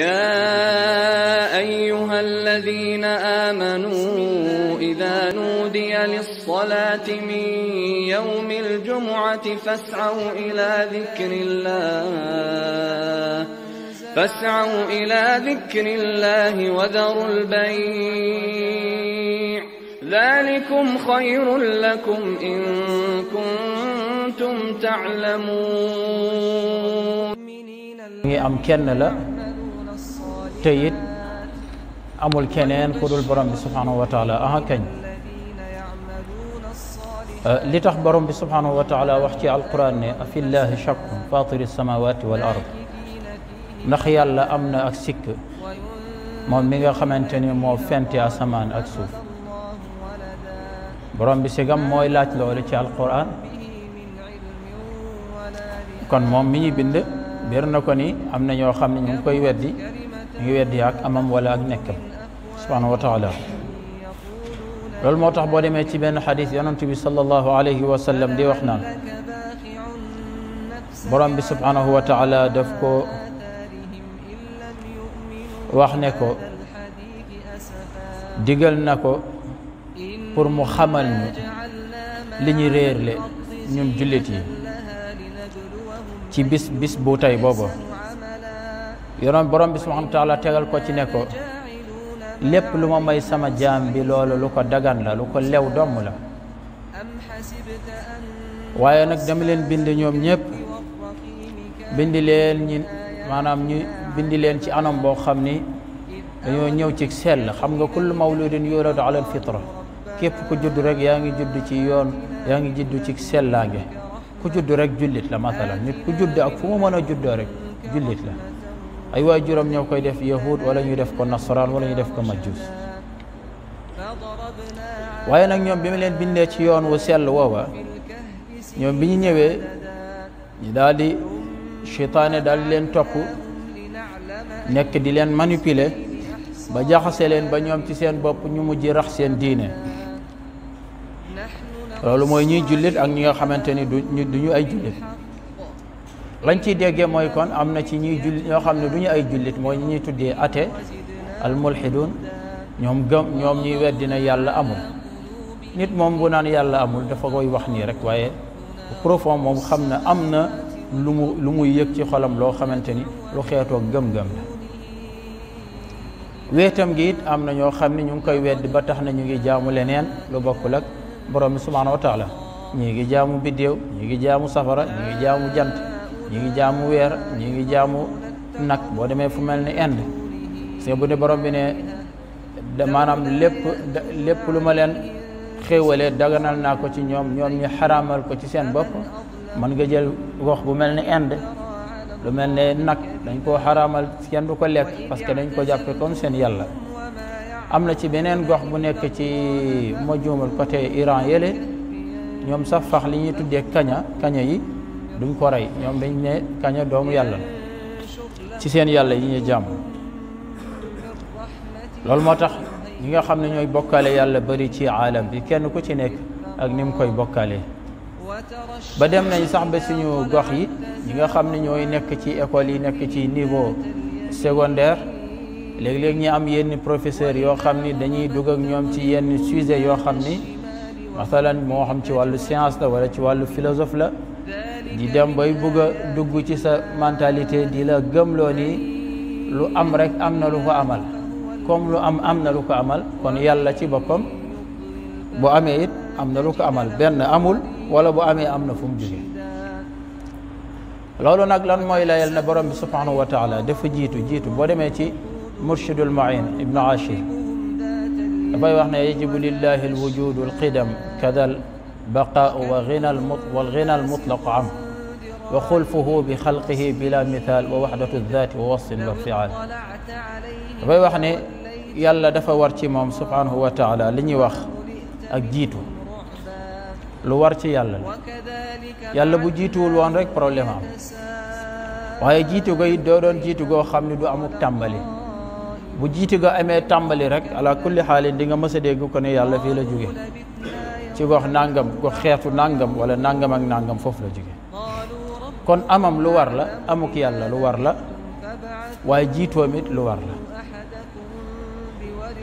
يا أيها الذين آمنوا إذا نودي للصلاة من يوم الجمعة فاسعوا إلى ذكر الله فاسعوا إلى ذكر الله وذروا البيع ذلكم خير لكم إن كنتم تعلمون أمكننا تيت أمول كنين كل البرم سبحانه وتعالى أها كن أه، لتخبرهم سبحانه وتعالى وحتي على القرآن في الله شك فاطر السماوات والأرض نخيال أمن أكسك ما ميغا خمانتني مو فنتي أسمان أكسوف برام بسيغم موي لات لولي تي القرآن كون مو مي بند بيرنا كوني أمنا يو خمني نكوي ودي ñu ngi weddi ak amam wala ak nekkam subhanahu wa taala loolu moo tax boo demee ci benn xadis yonent bi sallallahu alayhi wa sallam di wax naan borom bi subhanahu wa taala daf ko wax ne ko digal na ko pour mu xamal ñu li ñu réerle ñun jullit yi ci bis bis bu tey booba يرام برام بسم الله تعالى تغل كو تي نيكو لپ لوما ماي سما جام بي لولو لوكو دغان لا لوكو ليو دوم لا وايي نك دام لين بيند نيوم نيپ بيند لين ني مانام ني بيند لين سي انام بو خامني دانيو نييو سي سيل خامغا كل مولود يولد على الفطره كيف كو جود رك ياغي جود سي يون ياغي جود سي سيلاغي كو جود رك جوليت لا مثلا نيت كو جود اك فومو مانا جود رك جوليت لا ay wajuram ñoo koy def yahud wala ñu def ko nasran wala ñu def ko majus waye nak ñom bima leen bindee ci yoon wu sel woowa ñom biñu ñu ñi daldi shaytané dal leen top nek di leen manipuler ba jaxase leen ba ñom ci seen bop ñu mujj rax seen diiné lolu moy ñi julit ak ñi nga xamanteni ni du ñu ay julit lañ ciy déggee mooy kon am na ci ñuy jullit ñoo xam ne du ñu ay jullit mooy ñi ñuy tuddee ate almulhidun ñoom gëm ñoom ñuy weddi na yàlla amul nit moom bu naan yàlla amul dafa koy wax nii rek waaye profon moom xam na am na lu mu lu muy yëg ci xolam loo xamante ni lu xeetoo gëm-gëm la wéetam gi am na ñoo xam ne ñu ngi koy weddi ba tax na ñu ngi jaamu leneen lu bokkul ak borom bi subhaanahu wa taala ngi jaamu biddéew ñii ngi jaamu safara ñii ngi jaamu jant ñi ngi jaamu wër ñi ngi jaamu nak bo démé fu melni end Inde bu ne borom bi né da manam lepp lepp luma len leen daganal na ko ci ñom ñom ñi haramal ko ci seen bop man nga jël wax bu melni end lu melni ne dañ ko haramal ci kenn du ko lek parce que dañ ko jappé comme seen yalla am ci benen gox bu nek ci ma juumal côté Iran yele ñom sax fax li ñi tuddé kaña kaña yi duñ ko rey ñoom dañ ne kaña doomu yàlla ci seen yàlla yi ñu jàmm loolu moo tax ñi nga xam ne ñooy bokkale yàlla bari ci aalam bi kenn ku ci nekk ak ni mu koy bokkaale ba dem nañ sax ba suñu gox yi ñi nga xam ne ñooy nekk ci école yi nekk ci niveau secondaire léegi léeg ñi am yenn professeur yoo xam ni dañuy dugg ak ñoom ci yenn sujet yoo xam ni masalan moo xam ci wàllu science la wala ci wàllu philosophe la di dem bay bugg dugg ci sa mentalité di la gëmloo ni lu am rek amna lu ko amal comme lu am amna lu ko amal kon yàlla ci bopam bu amé it amna lu ko amal ben amul wala bu amé amna na fu mu jógee loolu nag lan moy layal na borom subhanahu wa taala dafa jitu jitu bo démé ci murshidul muin ibnu ashir dafay wax ne yajibu lillahi alwujudu alqidam kadal بقاء وغنى والغنى المطلق عنه وخلفه بخلقه بلا مثال ووحدة الذات ووصل وفعل فيو حني يلا دفا ورتي موم سبحانه وتعالى لي ني أجيتو اك جيتو يلا يلا بو الوان لون رك بروبليم ام واي جيتو غي دودون جيتو غو خامني دو امو تامبالي بو غو غا امي تامبالي رك على كل حال ديغا مسا ديغو كوني يلا في لا ci gox nangam gox xeetu nangam wala nangam ak nangam foofu la jóge kon amam lu war la amuk yàlla lu war la waaye jiitoom it lu war la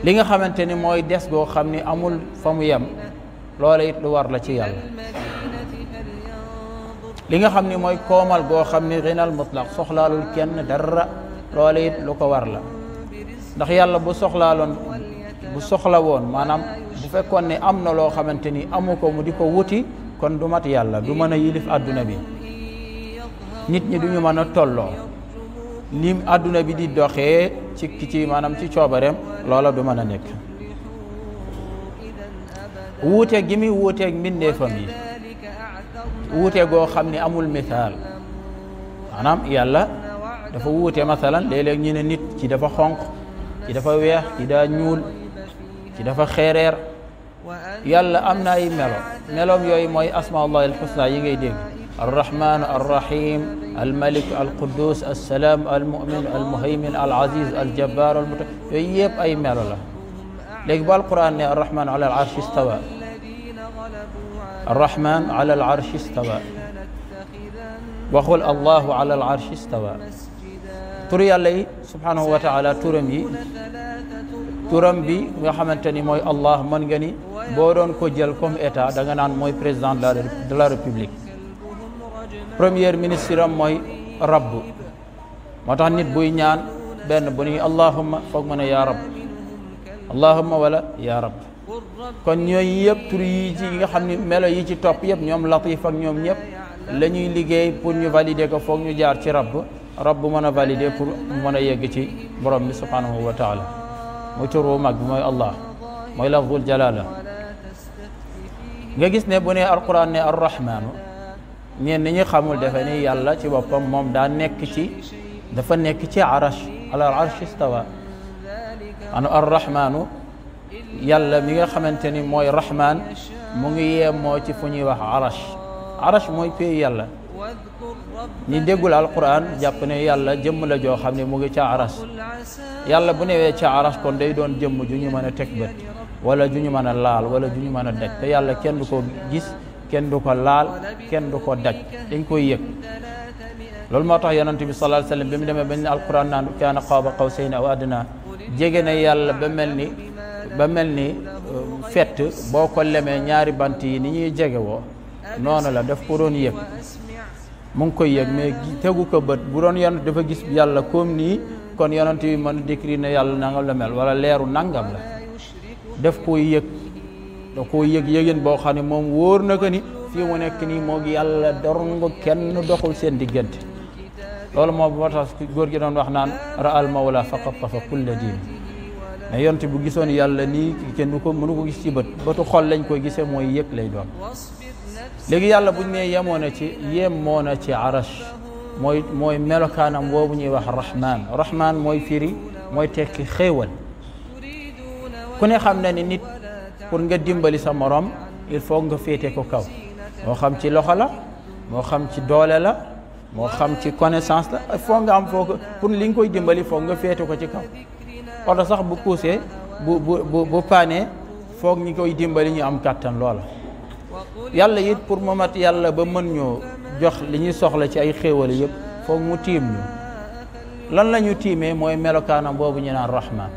li nga xamante ni mooy des goo xam ni amul fa mu yem loola it lu war la ci yàlla li nga xam ni mooy koomal goo xam ni rinal mutlaq soxlaalul kenn dara loola it lu ko war la ndax yàlla bu soxlaaloon bu soxla woon maanaam su fekkoon ne am na mu diko wuti kon du mat yàlla du meuna yilif aduna bi nit ñi duñu meuna tollo lim aduna bi di doxé ci ci ci ciobarem loola du mën a nekk wuute gi muy wuuteeg mbindeefam yi wuute goo xam amul misal manam yàlla dafa wuté masalan léeg-léeg ñu ne nit ci dafa xonk ci dafa wéx ci da ñuul ci dafa xéréer يلا أمنا أي ملوم ملوم يوي موي أسماء الله الحسنى يجي ديك الرحمن الرحيم الملك القدوس السلام المؤمن المهيمن العزيز الجبار المت... يجيب أي ملوم لك القرآن الرحمن على العرش استوى الرحمن على العرش استوى وقل الله على العرش استوى تري الله سبحانه وتعالى ترمي turam bi nga xamante ni mooy Allah mën nga ni boo doon ko jël comme état da nga naan mooy président de la république premier ministre am mooy rabb moo tax nit buy ñaan benn bu ni allahumma foog ma ne yaa rab allahumma wala yaa rab kon ñooyu yëpp tur yi ci nga xam ne melo yi ci topp yëpp ñoom latif ak ñoom ñëpp lañuy liggéey pour ñu valider ko foog ñu jaar ci rabb rabb mën a valider pour mën a yegg ci borom bi subhanahu wa taala mooy tur wu mag bi mooy allah mooy lafdul jalala nga gis ne bu ne alquran ne arrahmaanu ñeen ni ñu xamul defe ni yàlla ci boppam moom daa nekk ci dafa nekk ci arash ala arsh istawa anu arrahmaanu yàlla mi nga xamante ni mooy rahmaan mu ngi yemoo ci fu ñuy wax arash arash mooy pay yàlla ñi déggul alquran jàpp ne yàlla jëmm la joo xam ne mu ngi ca aras yàlla bu newee ca aras kon day doon jëmm ju ñu mën a teg bët wala ju ñu mën a laal wala ju ñu mën a daj te yàlla kenn du ko gis kenn du ko laal kenn du ko daj dañ koy yëg loolu moo tax yonent bi sallallahu alayhi wa mu demee ba ne alquran naan kaana qaaba qawsayni aw adnaa jege na yàlla ba mel ni ba mel ni uh, fett boo ko lemee ñaari bant yi ni ñuy jege woo noonu la def ko doon yëg mu ngi koy yëg mais tegu ko bët bu doon yonent dafa gis yàlla comme nii kon yonent bi man a na yàlla nangam la mel leeru nangam la daf koy yëg da yëg yëgin boo xam ne moom wóor na ko ni fii mu nekk nii moo yàlla yàlla dorong kenn doxul seen diggante loolu moo moo tax góor gi doon wax naan raal mawla faqat tafa kulla diin mais yonent bu gisoon yàlla nii kenn ko mënu ko gis ci bët bëtu xol lañ koy gisee mooy yëg lay doon léegi yàlla buñ nee yemoo na ci yemoo na ci arash mooy mooy melokaanam boobu ñuy wax rahman rahman mooy firi mooy tekki xéewal ku ne xam na ni nit pour nga dimbali sa morom il faut nga féete ko kaw moo xam ci loxo la moo xam ci doole la moo xam ci connaissance la foog nga am foo ko pour li nga koy dimbali foog nga féete ko ci kaw oto sax bu poussé bu bu bu paanee foog ñi koy dimbali ñu am kàttan loola yàlla it pour moo mat yàlla ba mën ñoo jox li ñuy soxla ci ay xéewal yëpp foog mu tiim ñu lan la ñu tiimee mooy melokaanam boobu ñu naan rahman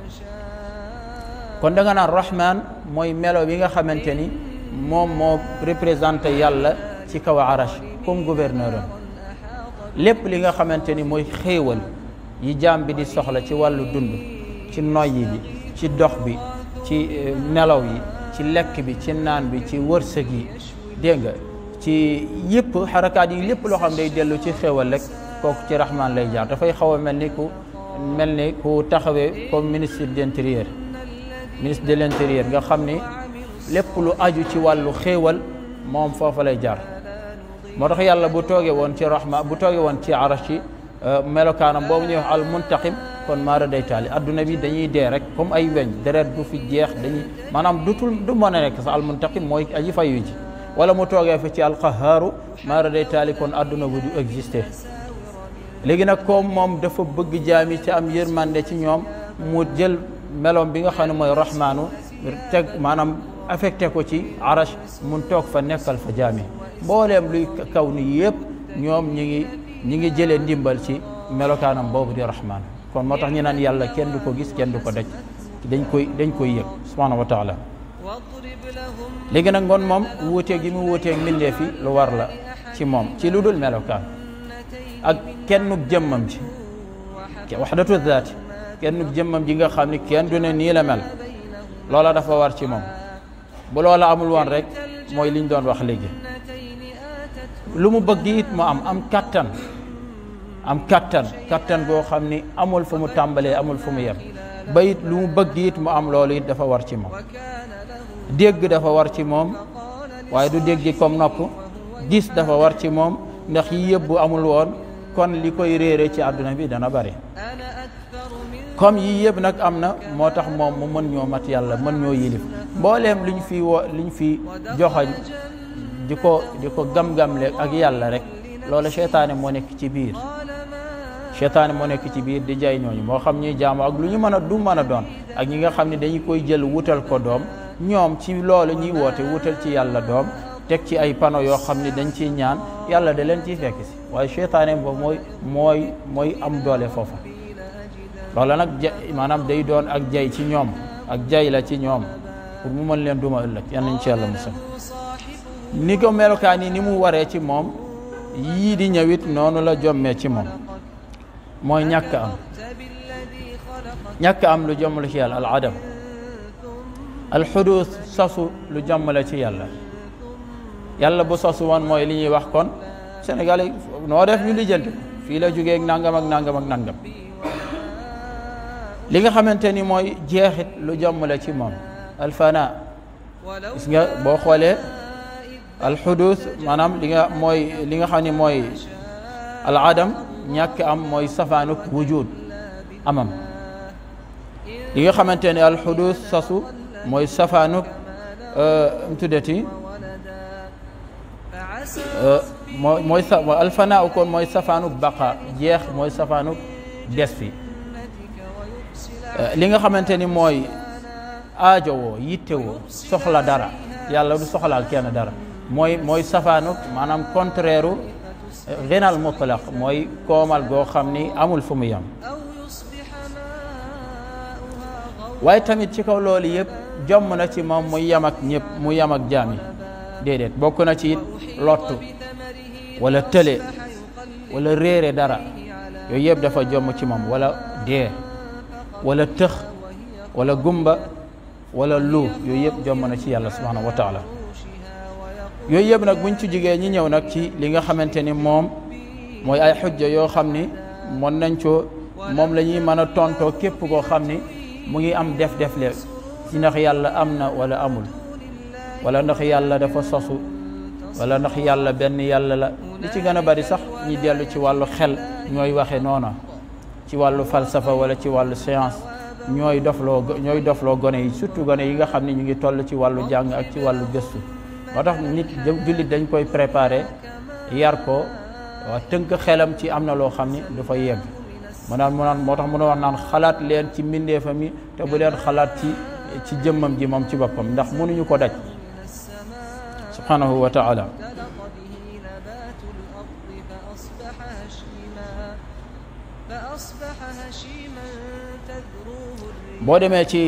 kon da nga naan mooy melo bi nga xamante ni moom moo représenté yàlla ci kaw arash comme gouverneur lépp li nga xamante ni mooy xéewal yi jaam bi di soxla ci wàllu dund ci noyyi bi ci dox bi ci euh, nelaw yi lekk bi ci naan bi ci wërsëg yi dégg nga ci yëpp xarakaat yi lépp loo xam day dellu ci xéwal rek kooku ci rahman lay jaar dafay xaw a mel ni ku mel ni ku taxawee comme ministre de l'intérieur ministre de l'intérieur nga xam ni lépp lu aju ci wàllu xéewal moom foofa lay jaar moo tax yàlla bu toogee woon ci rahma bu tooge woon ci arashi euh, melokaanam boobu ñuy wax al kon mara day tali aduna bi dañuy dé rek comme ay weñ deret du fi jeex dañuy maanaam dutul du mo nek sa al muntaqim moy ay fayu ji wala mu togué fi ci qahhar mara day tali kon aduna bu du exister légui nak kom mom dafa bëgg jami ci am yërmande ci ñom mu jël melom bi nga xamne moy rahmanu tek manam affecté ko ci arash mu tok fa nekkal fa jami mbolem luy kawni yëpp ñom ñi ngi ñi ngi jëlé ndimbal ci melokanam bobu di rahmaan kon motax ñi ñu naan yàlla kenn du ko gis kenn du ko daj dañ koy dañ koy yek subhanahu wa taala legi nak ngon mom wote gi mu wote ak minde fi lu war la ci mom ci ludul meloka melokaan ak kennug jëmmam ci ji waxdatu zaati kennug jëmmam ji nga xamni kenn du ne ni la mel lola dafa war ci mom bu lola amul won rek moy liñ doon wax legi lu mu bëgg it mu am am katan am kattan kattan goo xam ni amul fu mu tàmbalee amul fu mu yem ba lu mu bëgg mu am loolu it dafa war ci moom dégg dafa war ci moom waaye du dégg comme nopp gis dafa war ci moom ndax yi yëpp bu amul woon kon li koy réere ci àdduna bi dana bari comme yi yëpp nag am na moo tax moom mu mën ñoo mat yàlla mën ñoo yilif mbooleem liñ fi wo liñ fi joxoñ di ko di ko gam-gamle ak yàlla rek loola seytaane moo nekk ci biir seytaane moo nekk ci biir di jay ñooñu moo xam ñuy jaamu ak lu ñu mën a du mën a doon ak ñi nga xam ne dañu koy jël wutal ko doom ñoom ci loolu ñuy woote wutal ci yàlla doom teg ci ay pano yoo xam ne dañ ciy ñaan yàlla de leen ciy fekk si waaye seytaane ba mooy mooy mooy am doole foofa loola nag maanaam day doon ak jay ci ñoom ak jay la ci ñoom pour mu mën leen duma ëllëg yan nañ ci yàlla musal ni yi ci moom yii di ñëwit noonu la jommee ci moom موي نياك ام نياك ام لو جام لا يالا العدم الحدوث ساسو لو جام لا سي يالا يالا بو ساسو وان موي لي ني واخ كون سينغالي نو ديف ني ليجنت في لا جوغي اك نانغام اك نانغام اك نانغام ليغا خامتاني موي جيهيت لو جام لا سي موم الفناء بس nga بو خولي الحدوث مانام ليغا موي ليغا خاني موي العدم ñàkk am mooy safaanuk wujud amam li nga xamante ne alxudus sasu mooy safaanuk mu tuddati mooy mooy sa alfanaa kon mooy safaanuk baqa jeex mooy safaanuk des fi li nga xamante ni mooy aajowoo yittewoo soxla dara yàlla du soxlaal kenn dara mooy mooy safaanuk maanaam contraire غنى المطلق موي كومال جو خامني امول فوميام او يصبح ماؤها غوا واي تاميت شي كاو لول ييب جوم نا سي موم موي يامك نييب موي يامك جامي ديديت بوكو نا سي ولا تلي ولا ريري دارا ييب دافا جوم سي موم ولا دي ولا تخ ولا غومبا ولا لو ييب جوم نا سي يالله سبحانه وتعالى yooyu yëpp nag buñ ci jigéen ñi ñëw nag ci li nga xamante ni moom mooy ay xujja yoo xam ni mën nañ coo moom la ñuy mën a tontoo képp koo xam ni mu ngi am def-def le ci ndax yàlla am na wala amul wala ndax yàlla dafa sosu wala ndax yàlla benn yàlla la li ci gën a bari sax ñi dellu ci wàllu xel ñooy waxe noona ci wàllu falsafa wala ci wàllu science ñooy dofloo ñooy dofloo gone yi surtout gone yi nga xam ne ñu ngi toll ci wàllu jàng ak ci wàllu gëstu moo tax nit jullit dañ koy préparer yar ko waaw tënk xelam ci am na loo xam ni dafa yegg mu naan moo tax mën a wax naan xalaat leen ci mbindeefam yi te bu leen xalaat ci ci jëmmam ji moom ci boppam ndax mënuñu ko daj subhanahu wa boo demee ci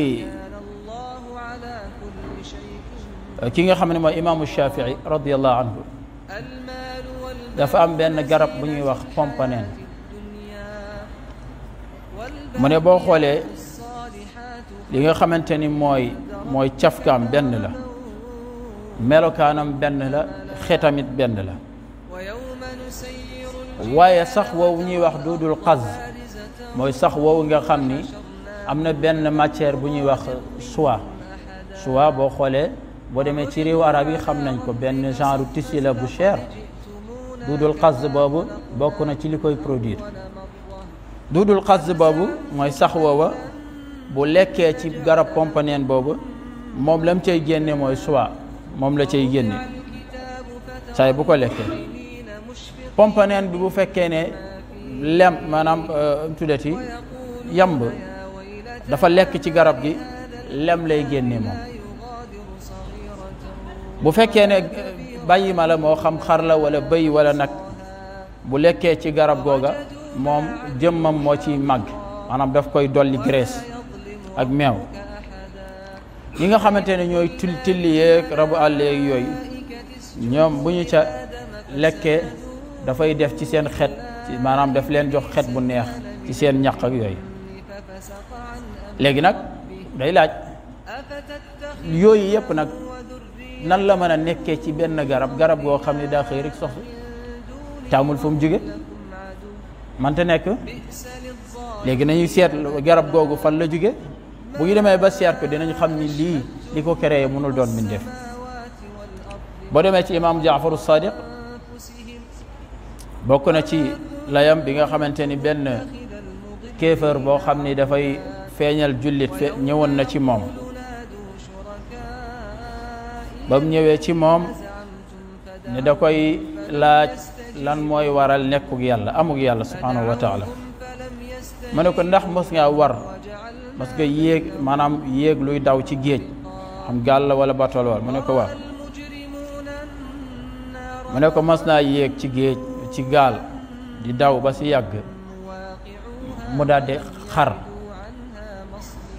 ki nga xam ne mooy imaamu Shafii radiallahu anhu dafa am benn garab bu ñuy wax pompaneen mu ne boo xoolee li nga xamante ni mooy mooy ben benn la melokaanam benn la xetamit benn la waaye sax woowu ñuy wax duudul xaz mooy sax woowu nga xam ni am na benn matière bu ñuy wax soie soie boo xoolee boo demee ci réewu arab yi xam nañ ko benn genre tissu la bu cher duudul xas boobu bokk na ci li koy produire duudul xas boobu mooy sax woowa bu lekkee ci garab pompaneen boobu moom lam cay génne mooy soie moom la cay génne saay bu ko lekkee pompaneen bi bu fekkee ne lem maanaam tuddati yamb dafa lekk ci garab gi lem lay génne moom bu fekkee ne bàyyi ma la moo xam xar la wala bëy wala nag bu lekkee ci garab googa moom jëmmam moo ci mag maanaam daf koy dolli grèce ak meew yi nga xamante ne ñooy til tilli yeeg rabu àlle yeeg yooyu ñoom bu ñu ca lekkee dafay def ci seen xet ci maanaam daf leen jox xet bu neex ci seen ñaq ak yooyu léegi nag day laaj yooyu yëpp nag nan la meuna nekké ci ben garab garab go xamni da xëy rek soxfu tamul fum jige man ta nek léegi nañu set garab googu fan la jóge bu ñu démé ba set ko dinañ xamni li liko créé mënul doon min def bo démé ci imaam jaafaru sadiq bokku na ci layam bi nga xamanteni ben kéfer bo xamni da fay feñal julit ñewon na ci mom ba mu ñëwee ci moom ne da koy laaj lan mooy waral nekkug yàlla amug yàlla subhaanahu wa taala mu ne ko ndax mos ngaa war mos nga yéeg maanaam yéeg luy daw ci géej am gaal la wala batol wal mu ne ko waaw mu ne ko mos naa yéeg ci géej ci gaal di daw ba ci yàgg mu daldi xar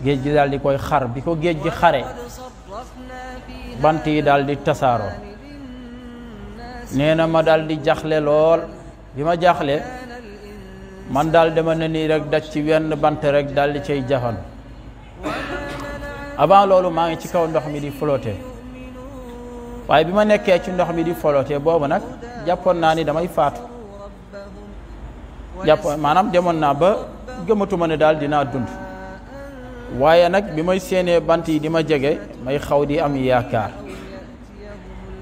géej gi daal di koy xar bi ko géej gi xare bant yi daal di tasaaroo nee na ma dal di jaxle lool bi ma jaxle man daal dama ne nii rek daj ci wenn bant rek daal di cay jaxan avant loolu maa ngi ci kaw ndox mi di flotté waaye bi ma nekkee ci ndox mi di flotté boobu nag jàppoon naa ni damay faatu jàpp maanaam demoon naa ba gëmatuma ne daal dinaa dund waaye nag bi may séenee bant yi di ma jege may xaw di am yaakaar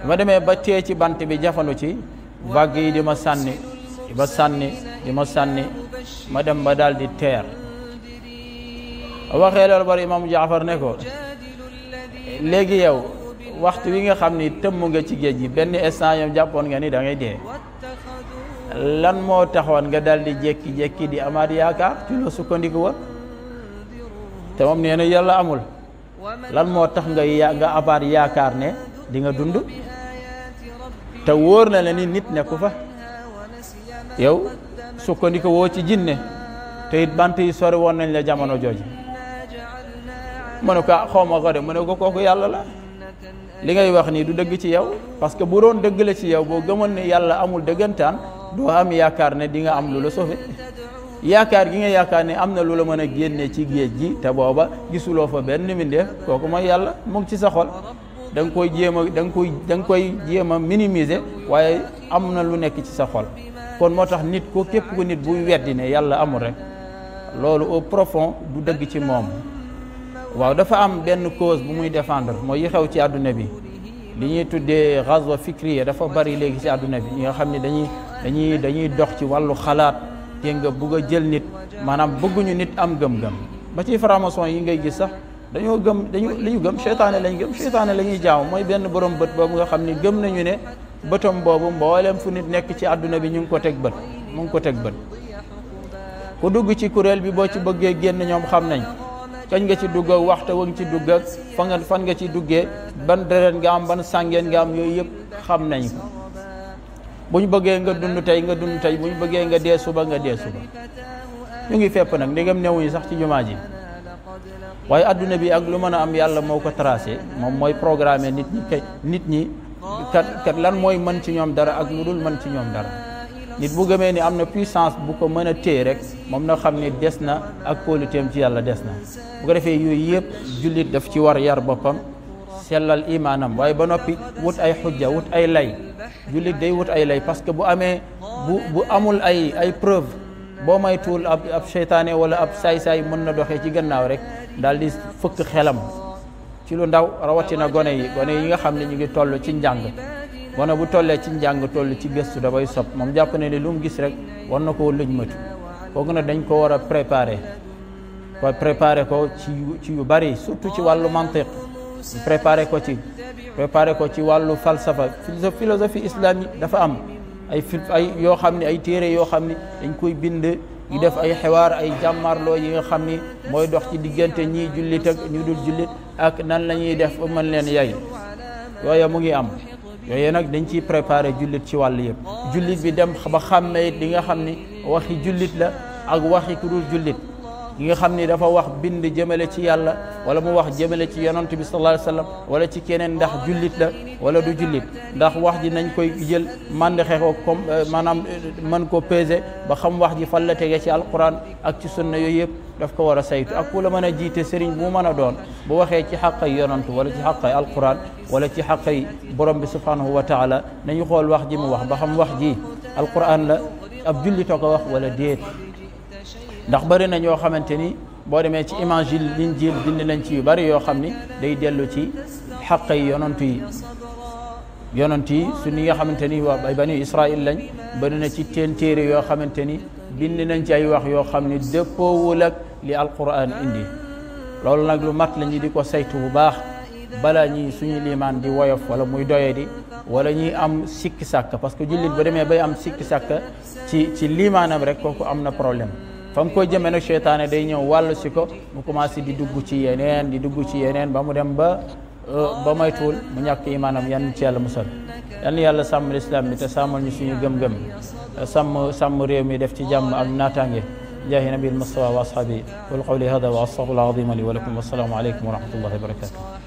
ma demee ba tee ci bant bi jafandu ci vague yi di ma sànni ba sànni di ma sànni ma dem ba daal di teer waxee loolu bari imam jaafar ne ko léegi yow waxtu wi nga xam ni tëmm nga ci géej gi benn instant yow jàppoon nga ni dangay ngay dee lan moo taxoon nga daal di jékki di amaat yaakaar ci loo sukkandiku woon te moom nee na yàlla amul lan moo tax nga ya abaat yaakaar ne di nga dund te wóor na la ni nit nekku fa yow sukkandiku woo ci jinne te it bant yi sore woon nañ la jamono jooju mu ne ko ah, xaw ma ko de mu ne ko kooku yàlla la li ngay wax nii du dëgg ci yow parce que bu doon dëgg la ci yow boo gëmoon ne yàlla amul dëggantaan doo am yaakaar ne di nga am lu la sauvé yaakaar gi nga yaakaar ne am na lu la mën a génne ci géej gi te booba gisuloo fa benn mbindeef kooku mooy yàlla mu ngi ci sa xol da nga koy jéem a da koy da nga koy jéem a minimiser waaye am na lu nekk ci sa xol kon moo tax nit ko képp ko nit buy weddi ne yàlla amul rek loolu au profond du dëgg ci moom waaw dafa am benn cause bu muy défendre mooy yi xew ci àdduna bi li ñuy tuddee ghazwa fikriya dafa bari léegi ci àdduna bi ñi nga xam ne dañuy dañuy dañuy dox ci wàllu xalaat dégg nga bugg a jël nit maanaam bëgguñu nit am gëm-gëm ba ci franc yi ngay gis sax dañoo gëm dañu li gëm seytaane lañ gëm seytaane la ñuy jaamu mooy benn borom bët boobu nga xam ni gëm nañu ne bëtam boobu mboolem fu nit nekk ci àdduna bi ñu ngi ko teg bët mu ngi ko teg bët ku dugg ci kuréel bi boo ci bëggee génn ñoom xam nañ kañ nga ci dugg ak waxta wa ci dugg ak fa fan nga ci duggee ban deret nga am ban sàngeen nga am yooyu yëpp xam nañ bu ñu bëggee nga dund tey nga dund tey bu ñu bëggee nga dee suba nga dee suba ñu ngi fepp nag ndegam newuñu sax ci jumaa ji waaye adduna bi ak lu mën a am yàlla moo ko tracé moom mooy programme nit ñi kat nit ñi kat lan mooy mën ci ñoom dara ak lu dul mën ci ñoom dara nit bu gëmee ni am na puissance bu ko mën a téye rek moom na xam ne des na ak kóoluteem ci yàlla des na bu ko defee yooyu yëpp jullit daf ci war yar boppam sellal imaanam waaye ba noppi wut ay xujja ay lay jullit day wut ay lay parce que bu amee bu bu amul ay ay preuve boo maytuwul ab ab seytaane wala ab saay-saay mën na doxe ci gannaaw rek daal di fëkk xelam ci lu ndaw rawatina gone yi gone yi nga xam ne ñu ngi toll ci njàng gone bu tollee ci njàng toll ci gëstu dafay sob moom jàpp ne ni lu mu gis rek war na koo lëj matu kooku nag dañ ko war a préparer ko préparer ko ci ci yu bari surtout ci wàllu mantiq préparer ko ci préparé ko ci walu falsafa philosophie islamique dafa am ay ay yo xamni ay téré yo xamni dañ koy bind yi def ay xewaar ay jàmmarloo yi nga xamni moy dox ci digënté ñi jullit ak ñu dul jullit ak nan lañuy def ba man leen yay yooya mu ngi am yooyu nak dañ ci préparé jullit ci walu yëpp jullit bi dem ba xamé di nga xamni waxi jullit la ak waxi ku dul jullit yi nga xam ni dafa wax bind jëmale ci yàlla wala mu wax jëmale ci yonant bi sallallahu alayhi wasallam wala ci keneen ndax jullit la wala du jullit ndax wax ji nañ koy jël mandaxe ko comme maanaam mën ko peser ba xam wax ji fan la tege ci alquran ak ci sunna yooyu yëpp daf ko war a saytu ak ku la mën a jiite sëriñ bu mën a doon bu waxee ci xàqay yonantu wala ci xàqay alquran wala ci xàqay borom bi subhanahu wa taala nañu xool wax ji mu wax ba xam wax ji alquran la ab jullit a ko wax wala déet ndax bari na ñoo xamanteni bo démé demee ci évangile linjiil dind nañ ci yu bari yo xamni day delu ci haqqi yi yonant yi yonant yi su ni nga xamanteni wa waa ay banu israil lañ bari na ci ten téré yo xamanteni bind nañ ci ay wax yo xamni depo wul ak li alquran indi loolu nag lu mat la di ko saytu bu baax bala ñi suñu liman di woyof wala muy doye di wala ñi am sikki sàkk parce que jullit ba demee bay am sikki sàkk ci ci limanam rek kooku am na problème fa mu koy jëmee nag seytaane day ñëw wàllu si ko mu commencé di dugg ci yeneen di dugg ci yeneen ba mu dem ba euh, ba moytuwul mu ñàkk imaanam yan ci yàlla musal yan yàlla sàmm lislaam bi te sàmmal ñu suñu gëm-gëm sàmm sàmm réew mi def ci jàmm ak naataange jaahi nabil mustafa wa ashaabi wal qawli hada wa astaghfirullah azima li wa lakum wassalaamu aleykum wa rahmatullahi wa barakatuh